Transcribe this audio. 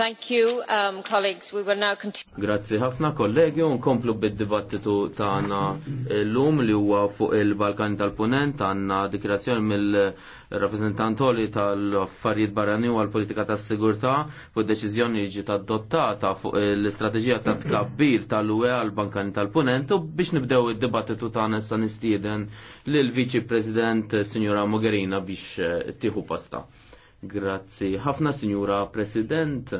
Thank you, um, colleagues. We will now Grazzi ħafna kollegi, unkomplu bid-dibattitu tagħna l-lum li huwa fuq il-Balkani tal-Punent, għandna dikrazzjoni mill-rappreżentantoli tal-affarijiet barrani u għal-politika tas-sigurtà fuq deċiżjoni ġiet adottata fuq l-istrateġija ta' tkabbir tal-UE għal-Balkani tal-Punent u biex nibdew id-dibattitu tagħna issa nistieden l viċi President Signora Mogherina biex tiħu pasta. Grazzi. Ħafna Sinjura President.